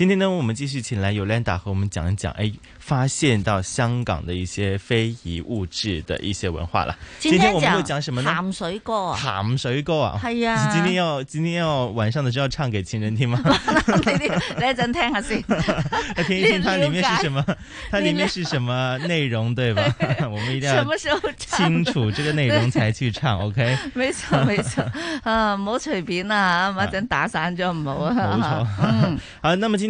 今天呢，我們繼續請來 y o 達和我們講一講，哎，發現到香港的一些非遺物質的一些文化了。今天我們會講什麼呢？鹹水歌水果啊，鹹水歌啊，係今天要今天要晚上的時候唱給情人聽嗎？ 你你，你一陣聽下先， 聽一聽它裏面是什麼，它裏面是什麼內容對吧？ 我們一定要清楚這個內容才去唱，OK？沒錯沒錯啊，唔好隨便啊，一陣打散咗唔好啊。冇、嗯、錯， 嗯，啊 那麼今。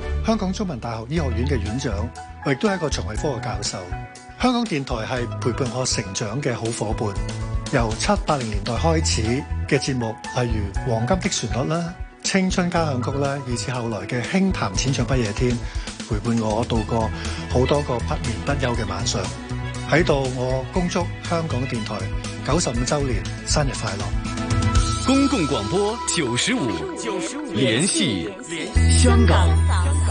香港中文大學醫學院嘅院長，我亦都係一個腸胃科嘅教授。香港電台係陪伴我成長嘅好夥伴，由七八零年代開始嘅節目，例如《黃金的旋律》啦、《青春交響曲》啦，以至後來嘅《輕談淺唱不夜天》，陪伴我度過好多個不眠不休嘅晚上。喺度，我恭祝香港電台九十五周年生日快樂，公共廣播九十五，聯繫香港。香港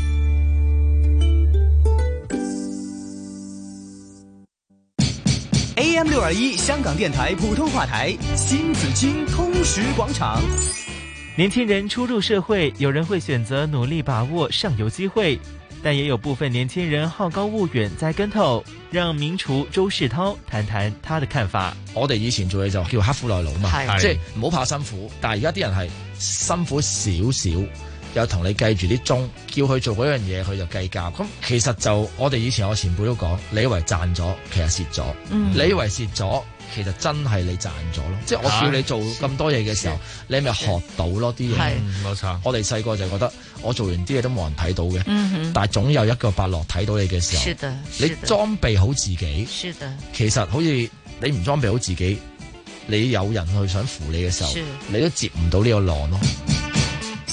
AM 六二一香港電台普通話台，新子清通識廣場。年輕人初入社會，有人會選擇努力把握上游機會，但也有部分年輕人好高騖遠，栽跟頭。讓名廚周世濤談談他的看法。我哋以前做嘢就叫刻苦耐勞嘛，即係唔好怕辛苦。但係而家啲人係辛苦少少。又同你計住啲鐘，叫佢做嗰樣嘢，佢就計較。咁其實就我哋以前我前輩都講，你以為賺咗，其實蝕咗；嗯、你以為蝕咗，其實真係你賺咗咯。嗯、即係我叫你做咁多嘢嘅時候，你咪學到咯啲嘢。冇錯。我哋細個就覺得我做完啲嘢都冇人睇到嘅，嗯、但係總有一個伯樂睇到你嘅時候。是的。你裝備好自己。是的。其實好似你唔裝備好自己，你有人去想扶你嘅時候，的你都接唔到呢個浪咯。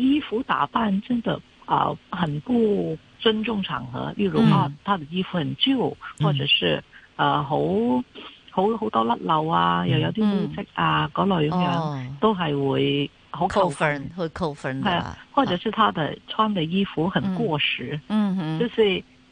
衣服打扮真的啊、呃，很不尊重場合。例如啊他的衣服很舊，嗯、或者是，呃好，好好多甩漏啊，嗯、又有啲污漬啊，嗰、嗯、類咁樣，哦、都係會好扣分，會扣分。係啊，或者是他的穿的衣服很過時，嗯哼、啊，就是。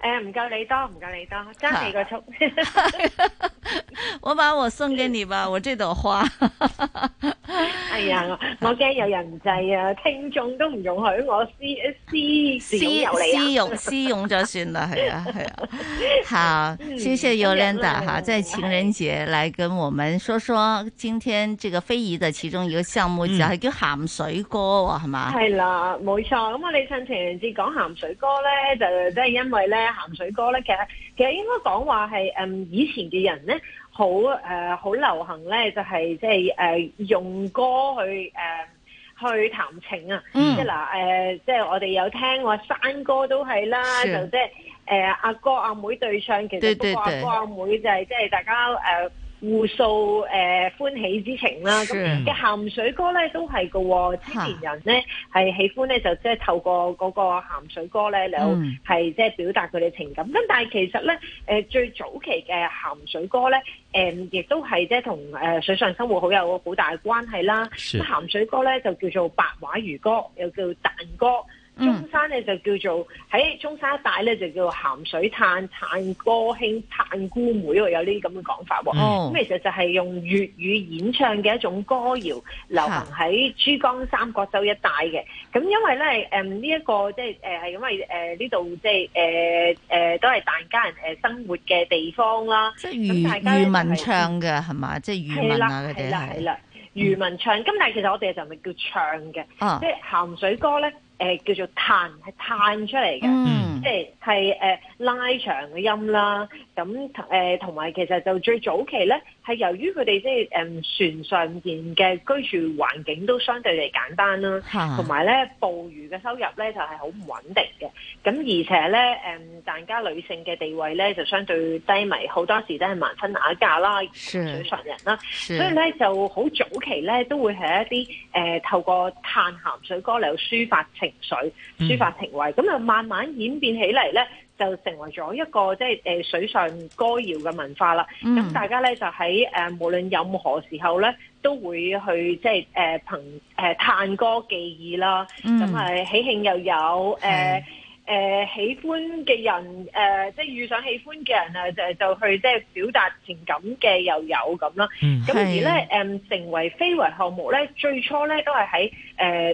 誒，唔夠、呃、你多，唔夠你多，爭你個足。啊、 我把我送給你吧，嗯、我這朵花。 哎呀我驚有人制啊，聽眾都唔容許我私私私私用私用咗算啦，係啊係啊。好、啊，謝謝 Yolanda 即係情人節嚟跟我們說說今天這個非遺嘅其中一個項目，叫鹹水歌，係嘛？係啦，冇錯。咁我哋趁情人節講鹹水歌咧，就即、是、係因為咧。鹹水歌咧，其實其實應該講話係，嗯，以前嘅人咧，好誒，好流行咧，就係即係誒，用歌去誒去談情啊。嗯。即係嗱，誒，即係我哋有聽話山歌都係啦，就即係誒，阿哥阿妹對唱，其實都阿哥阿妹就係即係大家誒。互訴誒、呃、歡喜之情啦，咁嘅鹹水歌咧都係嘅喎，青年人咧係哈喜歡咧就即係透過嗰個鹹水歌咧嚟，係即係表達佢哋情感。咁但係其實咧、呃、最早期嘅鹹水歌咧、呃、亦都係即係同水上生活好有好大關係啦。鹹的水歌咧就叫做白話漁歌，又叫疍歌。中山咧就叫做喺中山一帶咧就叫做鹹水嘆嘆歌興嘆姑妹，有呢啲咁嘅講法喎。咁、嗯哦、其實就係用粵語演唱嘅一種歌謠，流行喺珠江三角洲一帶嘅。咁、啊、因為咧，誒呢一個即係誒係因為誒呢度即係誒誒都係疍家人誒生活嘅地方啦。即係家漁、就是、民唱嘅係嘛？即係漁民唱，係。啦係啦係啦，漁民唱。咁但係其實我哋就咪叫唱嘅，啊、即係鹹水歌咧。誒、呃，叫做嘆係嘆出嚟嘅，嗯、即係係誒。拉長嘅音啦，咁誒同埋其實就最早期咧，係由於佢哋即係誒、嗯、船上邊嘅居住環境都相對嚟簡單啦、啊，同埋咧捕魚嘅收入咧就係好唔穩定嘅，咁而且咧誒、嗯，疍家女性嘅地位咧就相對低微，好多時都係盲婚啞嫁啦，是水上人啦，是所以咧就好早期咧都會係一啲誒、呃、透過嘆鹹水歌嚟到抒發情緒、抒發情懷，咁啊、嗯、慢慢演變起嚟咧。就成為咗一個即係誒水上歌謠嘅文化啦。咁、嗯、大家咧就喺誒無論任何時候咧，都會去即係誒、呃、憑誒、呃、嘆歌寄意啦。咁係、嗯嗯、喜慶又有誒、呃誒、呃、喜歡嘅人，誒、呃、即係遇上喜歡嘅人啊，就就去即係表達情感嘅又有咁啦。咁而咧誒成為非遺項目咧，最初咧都係喺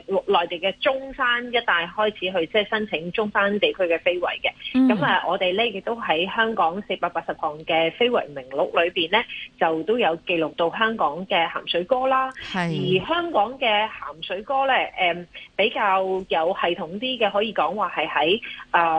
誒內地嘅中山一帶開始去即係申請中山地區嘅非遺嘅。咁啊、嗯，我哋咧亦都喺香港四百八十項嘅非遺名錄裏面咧，就都有記錄到香港嘅鹹水歌啦。係的，而香港嘅鹹水歌咧，誒、呃、比較有系統啲嘅，可以講話係喺誒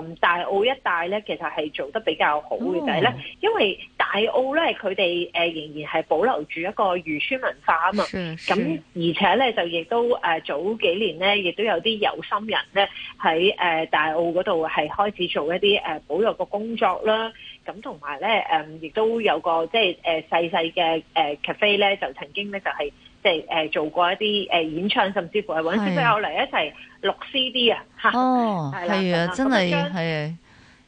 ，um, 大澳一帶咧，其實係做得比較好嘅，就係咧，因為大澳咧，佢哋誒仍然係保留住一個漁村文化啊嘛。咁而且咧，就亦都誒早幾年咧，亦都有啲有心人咧喺誒大澳嗰度係開始做一啲誒保育嘅工作啦。咁同埋咧，誒、嗯、亦都有個即係誒細細嘅誒 cafe 咧，就曾經咧就係、是。即係誒做過一啲誒演唱，甚至乎係揾小朋友嚟一齊錄 CD 啊！嚇，係啊，真係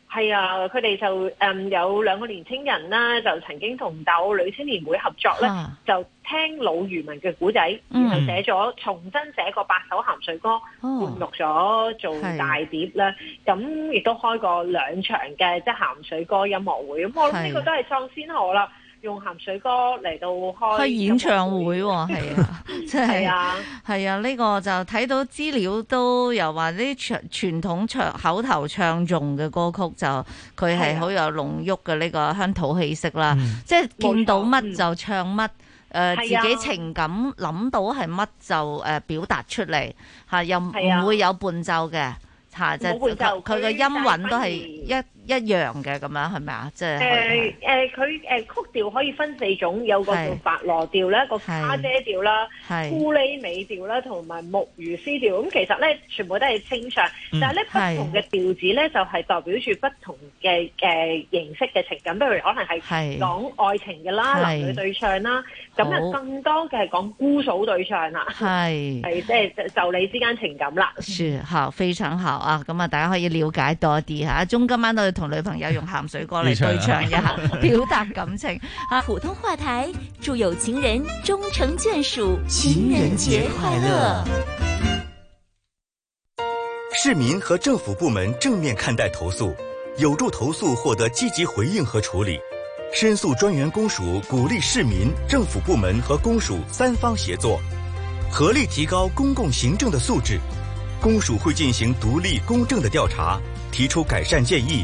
係啊，佢哋就誒有兩個年青人啦，就曾經同大澳女青年會合作咧，就聽老漁民嘅故仔，然後寫咗重新寫過八首鹹水歌，錄咗做大碟咧。咁亦都開過兩場嘅即係鹹水歌音樂會。咁我諗呢個都係創先河啦。用鹹水歌嚟到開演唱會喎，係啊，真係係啊，係、就係、啊，呢、啊這個就睇到資料都又話啲傳傳統唱口頭唱用嘅歌曲就，就佢係好有濃郁嘅呢個鄉土氣息啦。即係見到乜就唱乜，誒自己情感諗到係乜就誒表達出嚟，嚇、啊、又唔會有伴奏嘅，嚇就佢嘅音韻都係一。一樣嘅咁樣係咪啊？即係誒誒，佢誒、呃呃、曲調可以分四種，有個叫白羅調啦，個是花姐調啦，係是姑裏尾調啦，同埋木魚絲調。咁其實咧，全部都係清唱，嗯、但係咧不同嘅調子咧，就係代表住不同嘅誒形式嘅情感，不是如可能係講愛情嘅啦，是男女對唱啦，咁啊是更多嘅係講姑嫂對唱啦，係係即係就你之間情感啦。是好，非常好啊！咁啊，大家可以了解多啲嚇。中今晚到。同女朋友用鹹水歌嚟對唱一下，表達感情。啊， 普通話台，祝有情人終成眷屬，情人節快樂！情人節快樂。市民和政府部門正面看待投訴，有助投訴獲得積極回應和處理。申訴專員公署鼓勵市民、政府部門和公署三方協作，合力提高公共行政的素質。公署會進行獨立公正的調查，提出改善建議。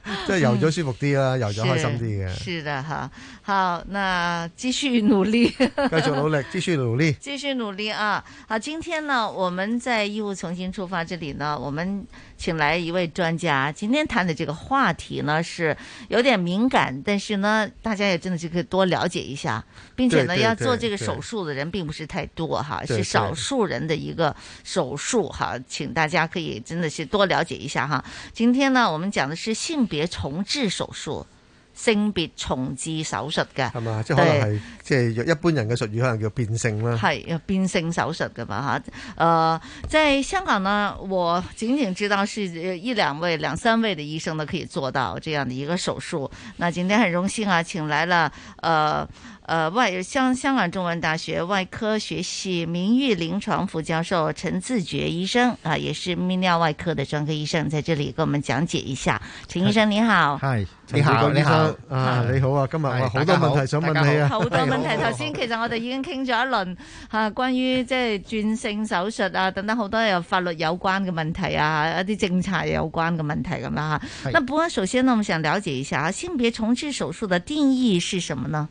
即、嗯、游咗舒服啲啊，是游咗開心啲嘅、啊。是的哈，好，那繼續努力，繼續努力，繼續努力，繼續努力啊！好，今天呢，我們在《義烏重新出發》這裏呢，我們請來一位專家。今天談的這個話題呢，是有點敏感，但是呢，大家也真的就可以多了解一下，並且呢，要做這個手術的人並不是太多對哈，是少數人的一個手術哈，請大家可以真的是多了解一下哈。今天呢，我們講的是性別重重置手術，性別重置手術嘅，係嘛？即係可能係即係一般人嘅術語，可能叫變性啦。係變性手術嘅嘛嚇？誒、呃，在香港呢，我僅僅知道是一兩位、兩三位嘅醫生都可以做到這樣嘅一個手術。那今天很榮幸啊，請來了誒。呃呃，外香香港中文大學外科學系名譽臨床副教授陳自覺醫生啊，也是泌尿外科的專科醫生，在這裏給我們講解一下。陳醫生你好，係是你好，你好，生你好啊，你好啊，是今日好，好多問題想問你啊，好，好多問題。頭先，其實我哋已經傾咗一輪啊，關於即係轉性手術啊等等，好多有法律有關嘅問題啊，一啲政策有關嘅問題咁、啊、啦。好是，那不過首先呢，我們想了解一下啊，性別重置手術的定義是什麼呢？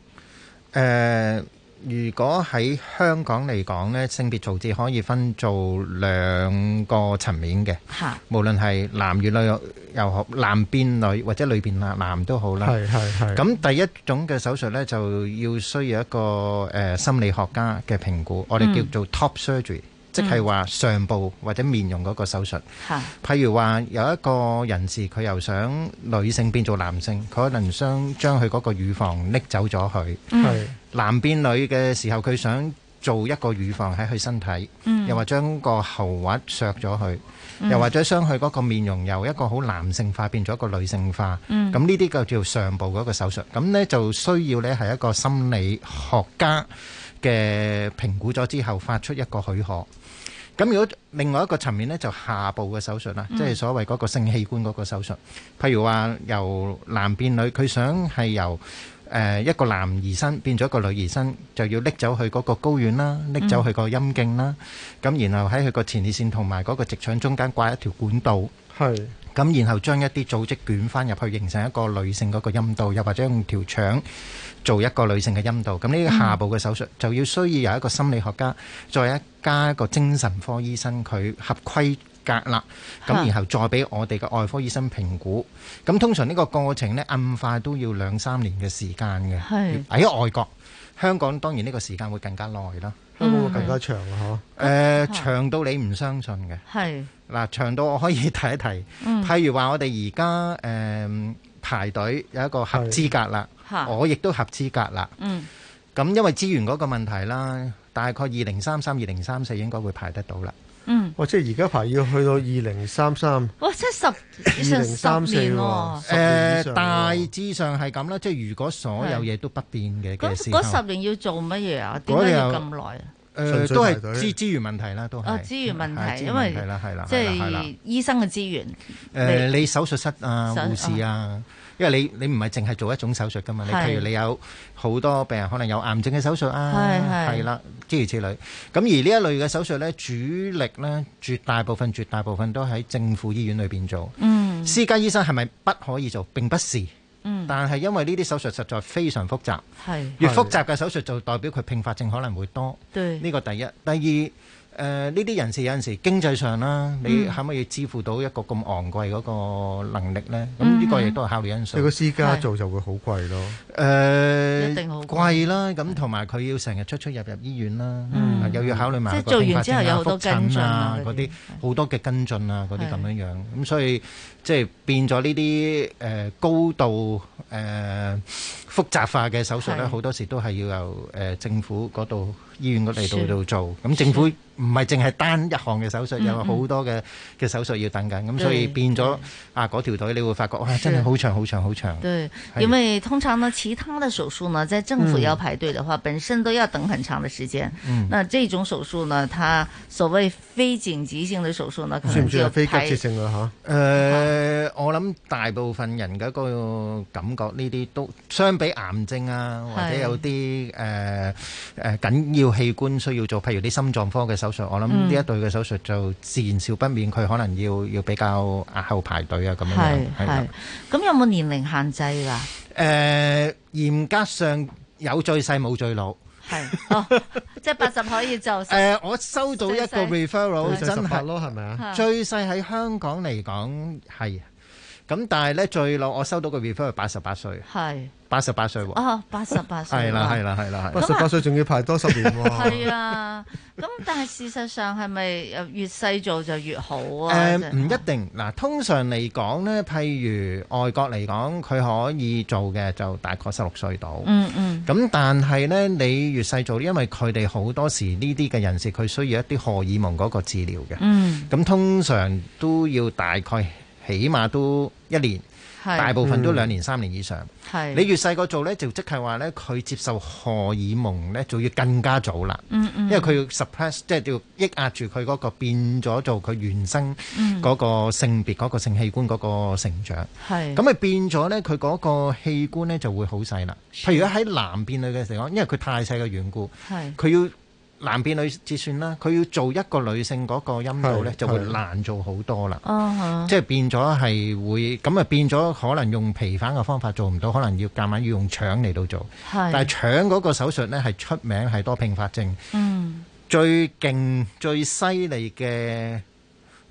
誒，如果喺香港嚟講咧，性別重置可以分做兩個層面嘅。嚇，無論係男與女又好，男變女或者女變男，男都好啦。係係係。咁第一種嘅手術咧，就要需要一個誒心理學家嘅評估，我哋叫做 top surgery。即係話上部或者面容嗰個手術，譬如話有一個人士佢又想女性變做男性，可能想將佢嗰個乳房拎走咗佢，男變女嘅時候佢想做一個乳房喺佢身體，又話將個喉核削咗佢，又或者將佢嗰個面容由一個好男性化變咗一個女性化，咁呢啲就叫上部嗰個手術，咁咧就需要你係一個心理學家嘅評估咗之後發出一個許可。咁如果另外一個層面咧，就下部嘅手術啦，即係所謂嗰個性器官嗰個手術。譬如話由男變女，佢想係由誒一個男兒身變咗一個女兒身，就要拎走去嗰個睾丸啦，拎走去個陰莖啦，咁然後喺佢個前列腺同埋嗰個直腸中間掛一條管道，係咁然後將一啲組織捲翻入去，形成一個女性嗰個陰道，又或者用條腸。做一個女性嘅陰道，咁呢個下部嘅手術就要需要由一個心理學家再加一個精神科醫生佢合規格啦，咁然後再俾我哋嘅外科醫生評估。咁通常呢個過程呢，暗化都要兩三年嘅時間嘅。喺是外國，香港當然呢個時間會更加耐啦，香港會更加長啊！嗬、呃，長到你唔相信嘅。係嗱是，長到我可以提一提，譬如話我哋而家誒排隊有一個合資格啦。我亦都合資格啦。嗯。咁因為資源嗰個問題啦，大概二零三三、二零三四應該會排得到啦。嗯。哇！即係而家排要去到二零三三。哇！即係十成十年喎。誒，大致上係咁啦。即係如果所有嘢都不變嘅，十年要做乜嘢啊？點解要咁耐啊？誒，都係資資源問題啦，都係。啊，資源問題，因為係啦，係啦，即係醫生嘅資源。誒，你手術室啊，護士啊。因為你你唔係淨係做一種手術噶嘛，你譬是如你有好多病人可能有癌症嘅手術啊，係啦是是，諸如此類，類。咁而呢一類嘅手術呢，主力呢，絕大部分絕大部分都喺政府醫院裏邊做。嗯，私家醫生係咪不，不可以做？並不是。嗯。但係因為呢啲手術實在非常複雜，係是是 越複雜嘅手術就代表佢併發症可能會多。對，呢個第一，第二。誒呢啲人士有陣時經濟上啦，你可唔可以支付到一個咁昂貴嗰個能力咧？咁呢個亦都係考慮因素。你個私家做就會好貴咯。誒，一定好貴啦。咁同埋佢要成日出出入入醫院啦，又要考慮埋。即係做完之後有好多跟進啊，嗰啲好多嘅跟進啊，嗰啲咁樣樣。咁所以即係變咗呢啲誒高度誒複雜化嘅手術咧，好多時都係要由誒政府嗰度醫院個嚟度度做，咁政府唔係淨係單一項嘅手術，有好多嘅嘅手術要等緊，咁所以變咗啊嗰條隊，你會發覺哇，真係好長、好長、好長。對，因為通常呢其他的手術呢，在政府要排隊的話，本身都要等很長嘅時間。嗯，那這種手術呢，它所謂非緊急性的手術呢，算唔算有非急切性嘅嚇？誒，我諗大部分人嗰個感覺，呢啲都相比癌症啊，或者有啲誒誒緊要。器官需要做，譬如啲心臟科嘅手術，我諗呢一對嘅手術就自然少不免，佢可能要要比較後排隊啊，咁樣係。咁有冇年齡限制噶？誒、呃，嚴格上有最細冇最老，係、哦、 即係八十可以做。誒、呃，我收到一個 referral，小真係咯，係咪啊？最細喺香港嚟講係，咁是是但係咧最老，我收到個 referral 八十八歲，係。八十八歲喎，啊，八十八歲，係啦係啦係啦，八十八歲仲要排多十年喎，係啊，咁但係事實上係咪又越細做就越好啊？誒，唔一定，嗱，通常嚟講咧，譬如外國嚟講，佢可以做嘅就大概十六歲到，嗯嗯，咁但係咧你越細做，因為佢哋好多時呢啲嘅人士，佢需要一啲荷爾蒙嗰個治療嘅，嗯，咁通常都要大概起碼都一年。是大部分都兩年、嗯、三年以上，是你越細個做咧，就即係話咧，佢接受荷爾蒙咧，就要更加早啦。嗯嗯、因為佢要 suppress，即係要抑壓住佢嗰個變咗做佢原生嗰個性別嗰、嗯、個性器官嗰個成長。咁咪是變咗咧，佢嗰個器官咧就會好細啦。譬如喺男變女嘅時候，因為佢太細嘅緣故，佢是要。男變女截算啦，佢要做一個女性嗰個陰道咧，就會難做好多啦。哦，即係變咗係會咁啊，變咗可能用皮瓣嘅方法做唔到，可能要夾硬要用腸嚟到做。係，但係腸嗰個手術咧係出名係多併發症。嗯，最勁最犀利嘅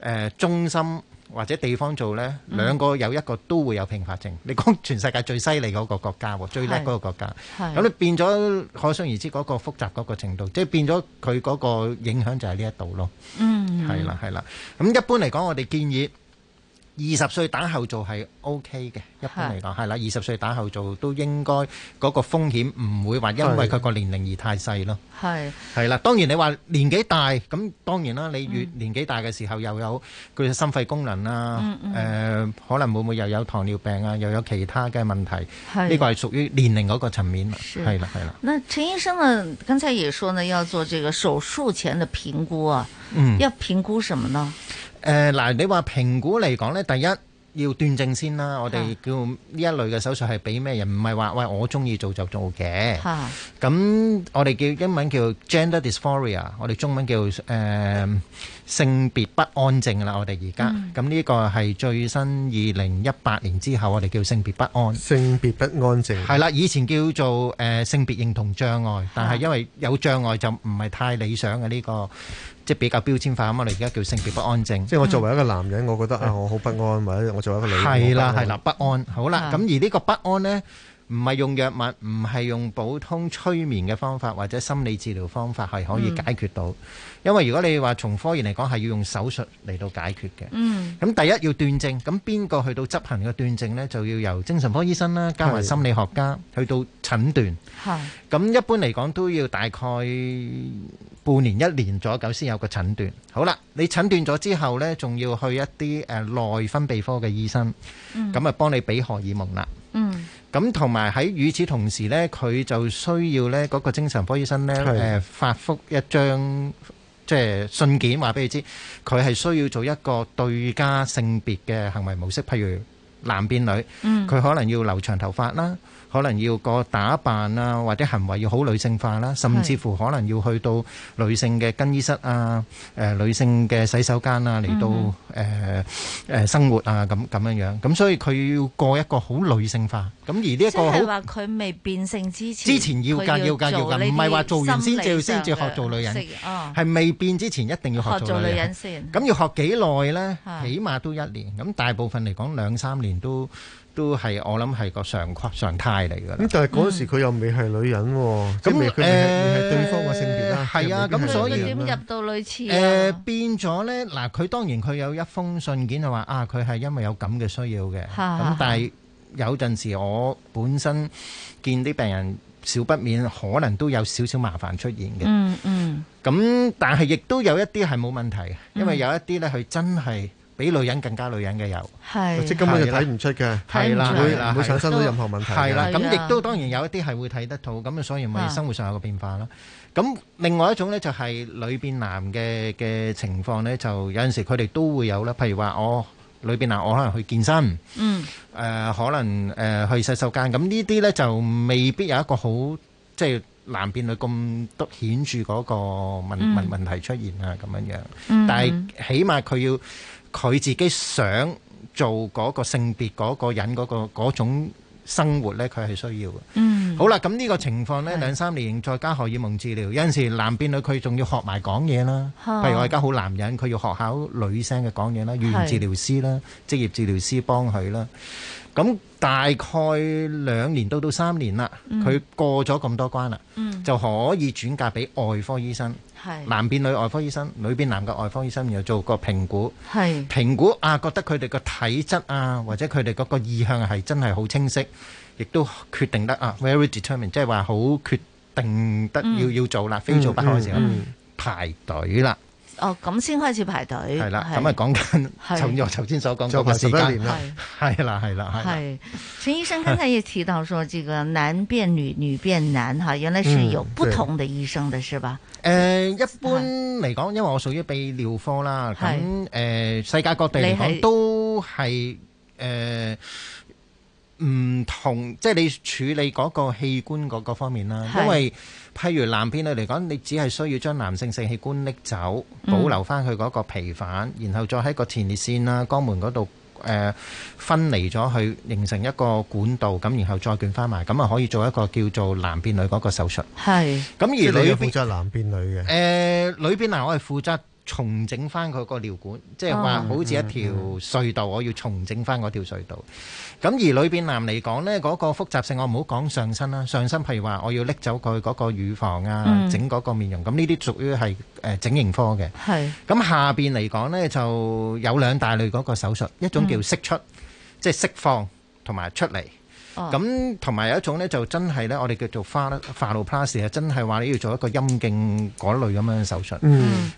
誒中心或者地方做呢，兩個有一個都會有併發症。嗯、你講全世界最犀利嗰個國家，是最叻嗰個國家，咁你是變咗，可想而知嗰、那個複雜嗰個程度，即、就、係、是、變咗佢嗰個影響就係呢一度咯。嗯，係啦，係啦。咁一般嚟講，我哋建議。二十歲打後做係 OK 嘅，一般嚟講係啦。二十是歲打後做都應該嗰、那個風險唔會話因為佢個年齡而太細咯。係係啦，當然你話年紀大咁當然啦，你越年紀大嘅時候又有佢嘅、嗯、心肺功能啦、啊，誒、嗯嗯呃、可能會唔會又有糖尿病啊，又有其他嘅問題。呢個係屬於年齡嗰個層面，係啦係啦。那陳醫生呢，剛才也說呢，要做這個手術前的評估啊，嗯、要評估什麼呢？誒嗱、呃，你話評估嚟講咧，第一要斷症先啦。我哋叫呢一類嘅手術係俾咩人？唔係話喂，我中意做就做嘅。嚇！咁我哋叫英文叫 gender dysphoria，我哋中文叫誒。呃性別不安症啦，我哋而家咁呢個係最新二零一八年之後，我哋叫性別不安。性別不安症係啦，以前叫做誒性別認同障礙，但係因為有障礙就唔係太理想嘅呢個，即係比較標籤化咁啊！我哋而家叫性別不安症。即係我作為一個男人，我覺得啊，我好不安；或者我作為一個女人，係啦，係啦，不安。好啦，咁而呢個不安呢。唔係用藥物，唔係用普通催眠嘅方法或者心理治療方法係可以解決到。嗯、因為如果你話從科研嚟講，係要用手術嚟到解決嘅。嗯。咁第一要斷症，咁邊個去到執行個斷症呢？就要由精神科醫生啦，加埋心理學家的去到診斷。係的。咁一般嚟講都要大概半年一年左右先有個診斷。好啦，你診斷咗之後呢，仲要去一啲誒、呃、內分泌科嘅醫生，咁啊、嗯、幫你俾荷爾蒙啦。咁同埋喺與此同時呢，佢就需要呢嗰個精神科醫生呢，誒、呃、發覆一張即係信件，話俾你知佢係需要做一個對家性別嘅行為模式，譬如男變女，佢可能要留長頭髮啦。可能要個打扮啊，或者行為要好女性化啦，甚至乎可能要去到女性嘅更衣室啊、誒女性嘅洗手間啊嚟到誒誒生活啊，咁咁樣樣。咁所以佢要過一個好女性化。咁而呢一個，即係話佢未變性之前，之前要㗎要㗎要㗎，唔係話做完先至先至學做女人。哦，係未變之前一定要學做女人先。咁要學幾耐咧？起碼都一年。咁大部分嚟講兩三年都。都係我諗係個常常態嚟㗎。咁但係嗰陣時佢又未係女人喎、啊嗯，咁誒、呃、對方嘅性別啦。係啊，咁、啊、所以點入到類似誒、呃、變咗咧。嗱，佢當然佢有一封信件係話啊，佢係因為有咁嘅需要嘅。咁是但係有陣時我本身見啲病人少不免可能都有少少麻煩出現嘅。嗯嗯。咁但係亦都有一啲係冇問題嘅，因為有一啲咧佢真係。比女人更加女人嘅有，即係根本就睇唔出嘅，係啦，唔會唔會產生到任何問題。係啦，咁亦都當然有一啲係會睇得到，咁啊，所以咪生活上有個變化囉。咁另外一種咧就係女變男嘅嘅情況咧，就有陣時佢哋都會有啦。譬如話我女變男，我可能去健身，嗯，誒可能誒去洗手間，咁呢啲咧就未必有一個好即係男變女咁都顯著嗰個問問問題出現啊咁樣樣，但係起碼佢要。佢自己想做嗰個性別嗰個人嗰、嗰個嗰種生活呢佢係需要嘅。嗯，好啦，咁呢個情況呢，兩三是年再加荷爾蒙治療，有陣時男變女佢仲要學埋講嘢啦。嗯、譬如我而家好男人，佢要學考女聲嘅講嘢啦，語言治療師啦，是職業治療師幫佢啦。咁大概兩年到到三年啦，佢過咗咁多關啦，嗯、就可以轉介俾外科醫生。男變女外科醫生，女變男嘅外科醫生，又做過評估，是評估啊，覺得佢哋個體質啊，或者佢哋嗰個意向係真係好清晰，亦都決定得啊，Very determined，即係話好決定得要要做啦，嗯、非做不可嘅時候，嗯、排隊啦。哦，咁先開始排隊。係啦，咁啊講緊就我頭先所講嗰個時間。係啦，係啦，陳醫生剛才亦提到，說這個男變女、女變男，原來是有不同的醫生的，是吧？誒，一般嚟講，因為我屬於泌尿科啦，咁世界各地嚟講都係誒唔同，即係你處理嗰個器官嗰個方面啦，因為。譬如男變女嚟講，你只係需要將男性性器官拎走，保留翻佢嗰個皮瓣，然後再喺個前列腺啦、肛門嗰度誒分離咗，去形成一個管道，咁然後再捲翻埋，咁啊可以做一個叫做男變女嗰個手術。係。咁而女要負責男變女嘅。誒，女變男我係負責，重整翻佢個尿管，即係話好似一條隧道，哦嗯、我要重整翻嗰條隧道。咁而裏邊男嚟講呢，嗰、嗰個複雜性我唔好講上身啦，上身譬如話我要拎走佢嗰個乳房啊，嗯、整嗰個面容，咁呢啲屬於係誒整形科嘅。係是。咁下邊嚟講呢，就有兩大類嗰個手術，一種叫釋出，嗯、即係釋放同埋出嚟。咁同埋有一種咧，就真係咧，我哋叫做 Phalloplasty 啊，真係話你要做一個陰莖嗰類咁樣嘅手術。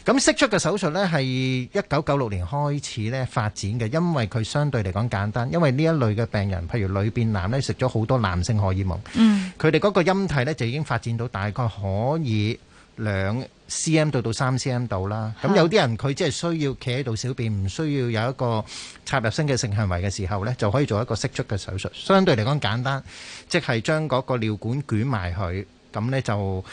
咁釋出嘅手術咧，係一九九六年開始咧發展嘅，因為佢相對嚟講簡單，因為呢一類嘅病人，譬如女變男咧，食咗好多男性荷爾蒙，佢哋嗰個陰蒂咧就已經發展到大概可以。兩 cm 到到三 cm 度啦，咁有啲人佢即係需要企喺度小便，唔需要有一個插入性嘅性行為嘅時候咧，就可以做一個釋出嘅手術，相對嚟講簡單，即係將嗰個尿管捲埋佢，咁咧就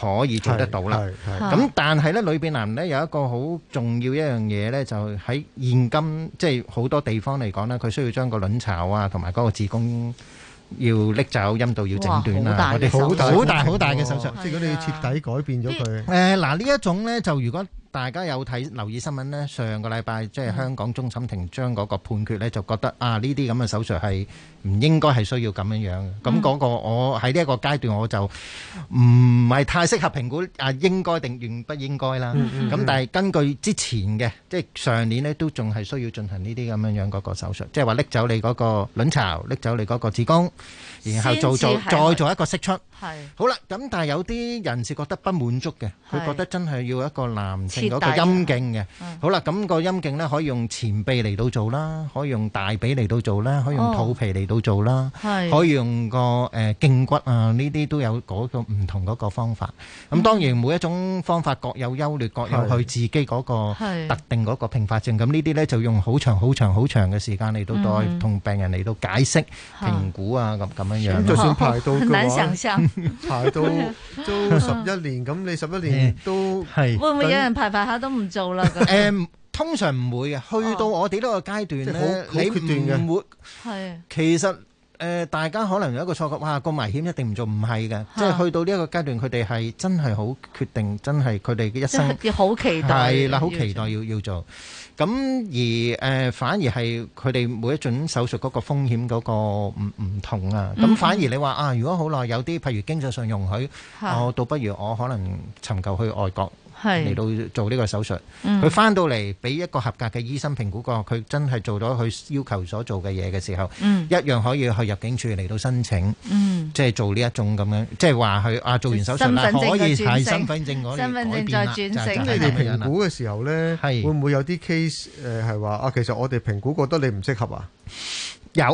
可以做得到啦。咁但係咧，女變男咧有一個好重要一樣嘢咧，就喺現今即係好多地方嚟講咧，佢需要將個卵巢啊同埋嗰個子宮。要拎走陰道要整短啦，我哋好大好大好大嘅手術，即係的如果你要徹底改變咗佢。誒嗱呢一種咧就如果。大家有睇留意新聞呢？上個禮拜即係香港終審庭將嗰個判決呢，就覺得啊呢啲咁嘅手術係唔應該係需要咁樣樣嘅。咁嗰個我喺呢一個階段我就唔係太適合評估啊應該定應不應該啦。咁但係根據之前嘅即係上年呢都仲係需要進行呢啲咁樣樣嗰個手術，即係話拎走你嗰個卵巢，拎走你嗰個子宮，然後做做再做一個釋出。係好啦，咁但係有啲人士覺得不滿足嘅，佢覺得真係要一個男性嗰個陰莖嘅。好啦，咁個陰莖咧可以用前臂嚟到做啦，可以用大髀嚟到做啦，可以用肚皮嚟到做啦，可以用個誒頸骨啊，呢啲都有嗰個唔同嗰個方法。咁當然每一種方法各有優劣，各有佢自己嗰個特定嗰個併發症。咁呢啲咧就用好長好長好長嘅時間嚟到同病人嚟到解釋評估啊，咁咁樣樣。就算排到嘅話，難想象。 排到都十一年，咁 你十一年都係會唔會有人排排下都唔做啦？誒 ， 通常唔會嘅，去到我哋呢個階段好決斷嘅。唔會係是其實。誒、呃，大家可能有一個錯覺，哇，個危險一定唔做，唔係嘅，的即係去到呢一個階段，佢哋係真係好決定，真係佢哋嘅一生，係啦，好期待要做期待要，要做。咁而誒、呃，反而係佢哋每一種手術嗰個風險嗰個唔唔同啊。咁、嗯、哼反而你話啊，如果好耐有啲，譬如經濟上容許，我的、哦、倒不如我可能尋求去外國。嚟到、嗯、做呢個手術，佢翻到嚟俾一個合格嘅醫生評估過，佢真係做咗佢要求所做嘅嘢嘅時候，嗯、一樣可以去入境處嚟到申請，嗯、即係做呢一種咁樣，即係話佢啊做完手術喇可以睇身份證，身份證嗰度再變啦。你哋評估嘅時候咧，是會唔會有啲 case 誒係話啊？其實我哋評估覺得你唔適合啊？有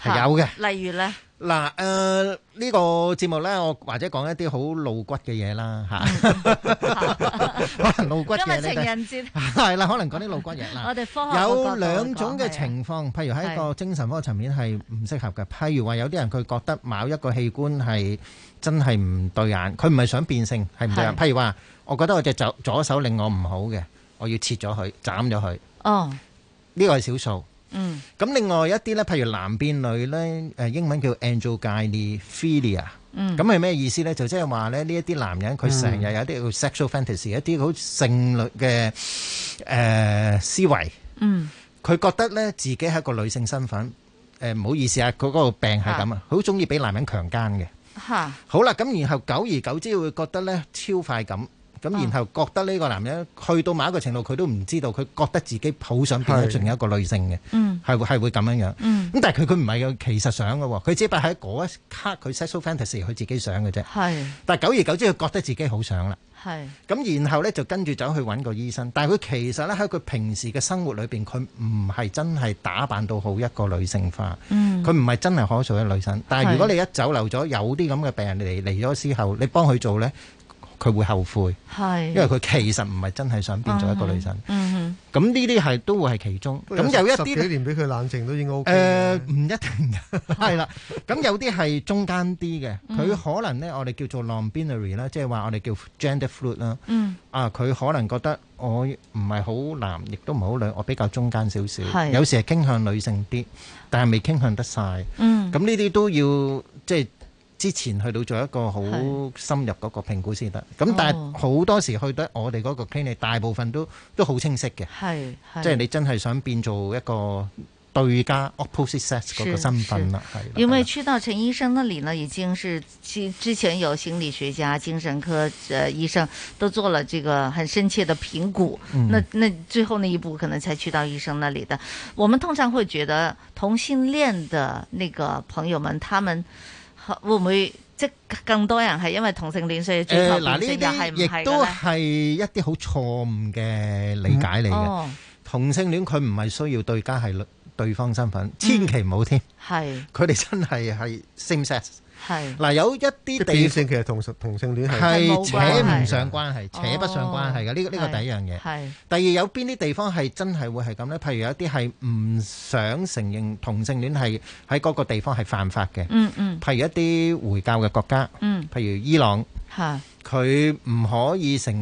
係有嘅，例如咧。嗱，誒呢個節目咧，我或者講一啲好露骨嘅嘢啦，嚇。露骨嘅咧，今日情人節。係啦，可能講啲露骨嘢啦。我哋科學有兩種嘅情況，譬如喺一個精神科層面係唔適合嘅。譬如話有啲人佢覺得某一個器官係真係唔對眼，佢唔係想變性係唔對眼。譬如話，我覺得我隻左左手令我唔好嘅，我要切咗佢，斬咗佢。哦，呢個係少數。嗯，咁另外一啲咧，譬如男變女咧，誒英文叫 autogynephilia，嗯，咁係咩意思咧？就即係話咧，呢一啲男人佢成日有啲叫 sexual fantasy，一啲好性欲嘅誒思維，嗯，佢覺得咧，自己係一個女性身份，誒唔好意思啊，佢嗰個病係咁啊，好中意俾男人強姦嘅，吓，好啦，咁然後久而久之會覺得咧超快感。咁然後覺得呢個男人、哦、去到某一個程度，佢都唔知道，佢覺得自己好想變成一個女性嘅，係係是會咁樣樣。咁、嗯、但係佢佢唔係佢其實想嘅喎，佢只不過喺嗰一刻佢 sexual fantasy 佢自己想嘅啫。是但係久而久之佢覺得自己好想啦。咁是然後呢，就跟住走去揾個醫生，但係佢其實呢，喺佢平時嘅生活裏面，佢唔係真係打扮到好一個女性化。嗯，佢唔係真係可做一女性。但係如果你一走漏咗有啲咁嘅病人嚟嚟咗之後，你幫佢做呢。佢會後悔，係因為佢其實唔係真係想變咗一個女神。嗯哼，咁呢啲係都會係其中。咁有一啲，幾年俾佢冷靜都應該 OK。誒唔一定，係啦。咁有啲係中間啲嘅，佢可能咧我哋叫做 non-binary 啦，即係話我哋叫 gender fluid 啦。嗯啊，佢可能覺得我唔係好男，亦都唔係好女，我比較中間少少。係，有時係傾向女性啲，但係未傾向得曬。嗯，咁呢啲都要即係。之前去到做一個好深入嗰個評估先得，咁是但係好多時候去到我哋嗰個 clinic，哦、大部分都都好清晰嘅，即係你真係想變做一個對家 opposite sex 嗰個身份啦，係啦。因為去到陳醫生那裏呢，已經是之前有心理學家、精神科誒醫生都做了這個很深切的評估，嗯、那那最後那一步可能才去到醫生那裏的。我們通常會覺得同性戀的那個朋友們，他們會唔會即更多人係因為同性戀，所以追求結婚，又係唔係？亦都係一啲好錯誤嘅理解嚟嘅。同性戀，佢唔係需要對家係對方身份，千祈唔好添。係佢哋真係係 same sex。係嗱，是有一啲地，即變性其實同同性戀係扯唔上關係，扯不上關係嘅，呢呢個第一樣嘢。第二有邊啲地方係真係會係咁咧？譬如有啲係唔想承認同性戀係喺嗰個地方係犯法嘅，嗯。嗯嗯，譬如一啲回教嘅國家，嗯，譬如伊朗。佢唔可以承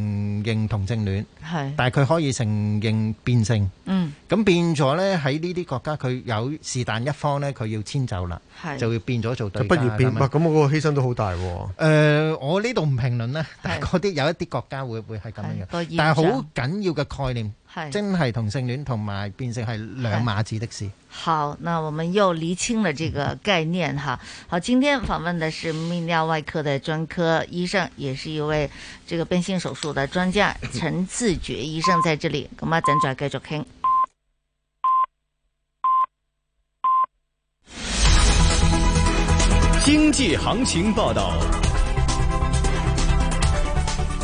認同性戀，是但係佢可以承認變性。嗯，咁變咗呢，喺呢啲國家佢有是但一方呢，佢要遷走啦，是就會變咗做對。就不如變，咁我個犧牲都好大喎、啊呃。我呢度唔評論，但嗰啲有一啲國家會會係咁樣樣，是但係好緊要嘅概念。真係同性戀，同埋變性係兩碼子的事。好，那我們又厘清了這個概念哈。好，今天訪問的是泌尿外科的專科醫生，也是一位這個變性手術的專家陳自覺醫生在這裏。咁啊， 等住繼續傾經濟行情報道。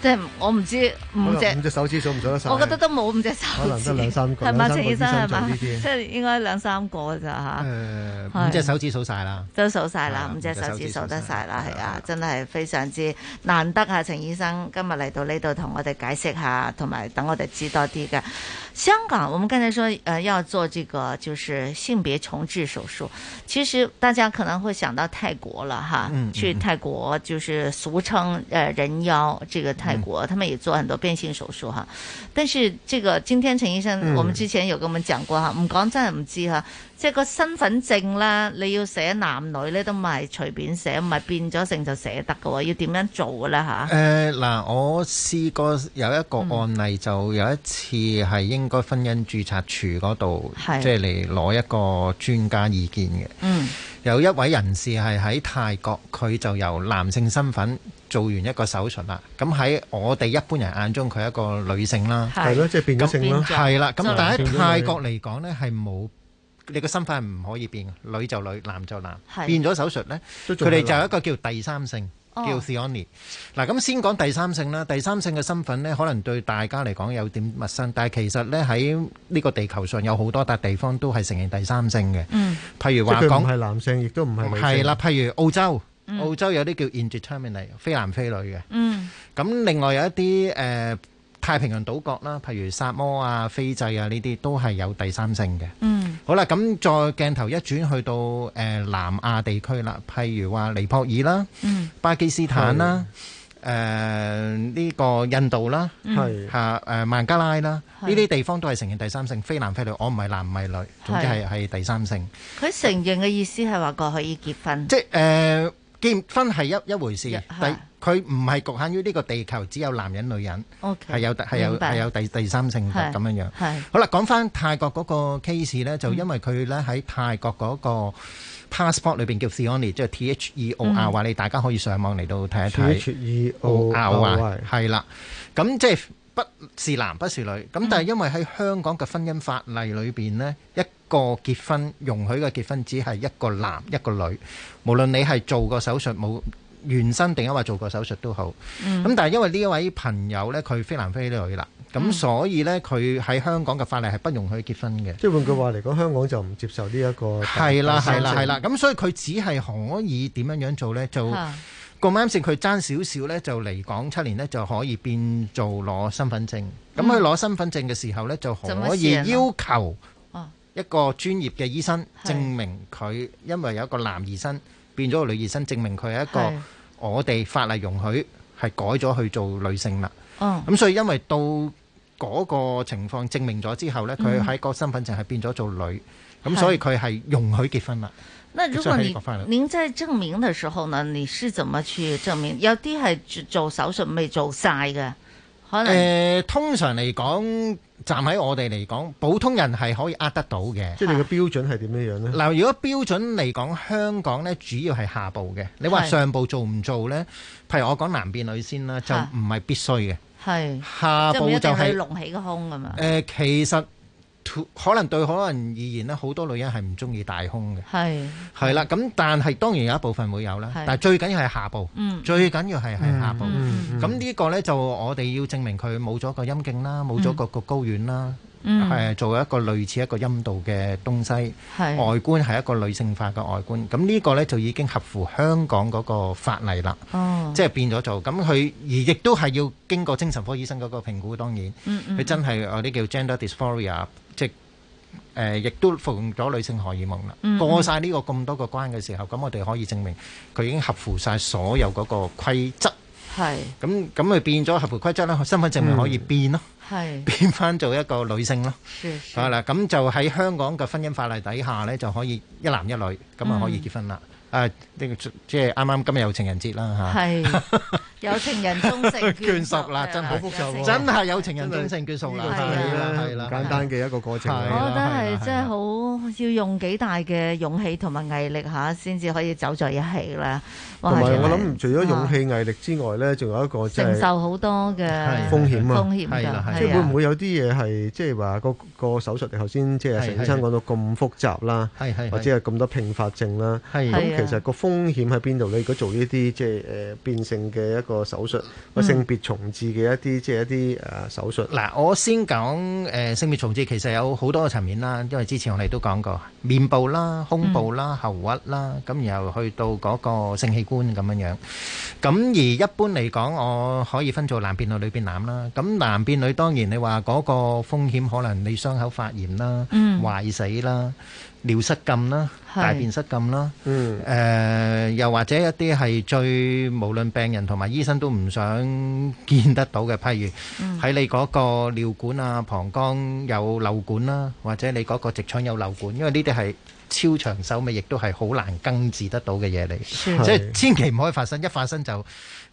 即係我唔知五隻五隻手指數唔數得晒？我覺得都冇五隻手指，可能得兩三個。係嘛，陳醫生係嘛？即係應該兩三個咋嚇？五隻手指數晒啦。都數晒啦，五隻手指數得晒啦，係啊！真係非常之難得啊，陳醫生今日嚟到呢度同我哋解釋下，同埋等我哋知多啲嘅香港。我們剛才說誒要做這個就是性別重置手術，其實大家可能會想到泰國了哈，去泰國就是俗稱誒人妖，這個泰國，嗯、他們也做很多變性手術哈，但是這個今天陳醫生，我們之前有跟我們講過哈，唔講、嗯、真係唔知哈，這個身份證咧，你要寫男女咧都唔係隨便寫，唔係變咗性就寫得噶喎，要點樣做噶啦吓？誒，嗱，我試過有一個案例，嗯、就有一次係應該婚姻注冊處嗰度，即係嚟攞一個專家意見嘅，嗯，有一位人士係喺泰國，佢就由男性身份。做完一個手術啦，咁喺我哋一般人眼中佢係一個女性啦，係咯，即係變咗性咯，係啦，咁但喺泰國嚟講咧係冇，你個身份係唔可以變，女就女，男就男，變咗手術咧，佢哋就有一個叫第三性，叫 Sunny。嗱，咁先講第三性啦，第三性嘅身份咧，可能對大家嚟講有點陌生，但係其實咧喺呢個地球上有好多笪地方都係承認第三性嘅，嗯，譬如話講係男性，亦都唔係女性，係啦，譬如澳洲。澳洲有啲叫 indeterminate，非男非女嘅。嗯。咁另外有一啲誒太平洋島國啦，譬如薩摩啊、斐濟啊呢啲，都係有第三性嘅。嗯。好啦，咁再鏡頭一轉去到誒南亞地區啦，譬如話尼泊爾啦、巴基斯坦啦、誒呢個印度啦、係嚇誒孟加拉啦，呢啲地方都係承認第三性，非男非女，我唔係男唔係女，總之係係第三性。佢承認嘅意思係話過可以結婚。即係誒。結婚係一一回事，第佢唔係局限於呢個地球只有男人女人，係 Okay, 有係有係白有第第三性嘅。咁樣是樣。係是好啦，講翻泰國嗰個 case 咧，嗯、就因為佢咧喺泰國嗰個 passport 裏邊叫 Sunny，即係 T H E O R，話你、嗯、大家可以上網嚟到睇一睇 T H E O R 啊，係啦，咁即係不是男不是女，咁是但係因為喺香港嘅婚姻法例裏邊呢。一。個結婚容許嘅結婚只係一個男一個女，無論你係做過手術冇原身定抑或做過手術都好。咁但係因為呢一位朋友咧，佢非男非女啦，咁所以咧佢喺香港嘅法例係不容許結婚嘅。即係換句話嚟講，香港就唔接受呢一個係啦係啦係啦。咁所以佢只係可以點樣樣做咧？就咁啱先佢爭少少咧，就嚟港七年咧就可以變做攞身份證。咁佢攞身份證嘅時候咧，就可以要求。一個專業嘅醫生證明佢，因為有一個男醫生變咗個女醫生，是證明佢係一個我哋法例容許係改咗去做女性啦。哦，咁、嗯、所以因為到嗰個情況證明咗之後呢，佢喺個身份證係變咗做女，咁、嗯、哼所以佢係容許結婚啦。如果您你您在證明嘅時候呢，你是怎麼去證明？有啲係做手術未做晒嘅，可能、呃、通常嚟講。站喺我哋嚟講，普通人係可以呃得到嘅。即係你嘅標準係點樣樣咧？嗱、啊，如果標準嚟講，香港咧主要係下部嘅。你話上部做唔做咧？譬如我講男變女先啦，啊、就唔係必須嘅。係下部就係、是、隆起個胸咁啊。誒、呃，其實。可能對可能而言咧，好多女人係唔中意大胸嘅，係係啦。咁但係當然有一部分會有啦。但係最緊要係下部，最緊要係係下部。咁呢個咧就我哋要證明佢冇咗個陰莖啦，冇咗個個睾丸啦，係做一個類似一個陰道嘅東西，外觀係一個女性化嘅外觀。咁呢個咧就已經合乎香港嗰個法例啦。哦，即係變咗做咁佢而亦都係要經過精神科醫生嗰個評估，當然佢真係有啲叫 gender dysphoria。誒，亦都服用咗女性荷爾蒙啦。過曬呢個咁多個關嘅時候，咁我哋可以證明佢已經合乎曬所有嗰個規則。係。咁咁咪變咗合乎規則啦？身份證明咪可以變咯，變翻做一個女性咯。係啦，咁就喺香港嘅婚姻法例底下呢，就可以一男一女咁啊可以結婚啦。誒，呢個即係啱啱今日有情人節啦，吓係有情人終成眷屬啦，真係好複雜，真係有情人終成眷屬啦，係啦，簡單嘅一個過程。我覺得係真係好要用幾大嘅勇氣同埋毅力吓，先至可以走在一起啦。同埋我諗，除咗勇氣毅力之外咧，仲有一個即係承受好多嘅風險啊！風險啊！會唔會有啲嘢係即係話嗰個手術頭先即係陳醫生講到咁複雜啦，或者係咁多併發症啦？係。其實個風險喺邊度咧？你如果做呢啲即係誒變性嘅一個手術，個性別重置嘅一啲即係一啲誒手術。嗱，我先講誒性別重置，其實有好多個層面啦。因為之前我哋都講過面部啦、胸部啦、喉核啦，咁然後去到嗰個性器官咁樣樣。咁而一般嚟講，我可以分做男變女、女變男啦。咁男變女當然你話嗰個風險可能你傷口發炎啦、壞死啦。尿失禁啦，大便失禁啦，嗯誒又或者一啲係最無論病人同埋醫生都唔想見得到嘅，譬如喺你嗰個尿管啊，膀胱有漏管啦，或者你嗰個直腸有漏管，因為呢啲係超長手尾，亦都係好難根治得到嘅嘢嚟，即係千祈唔可以發生，一發生就。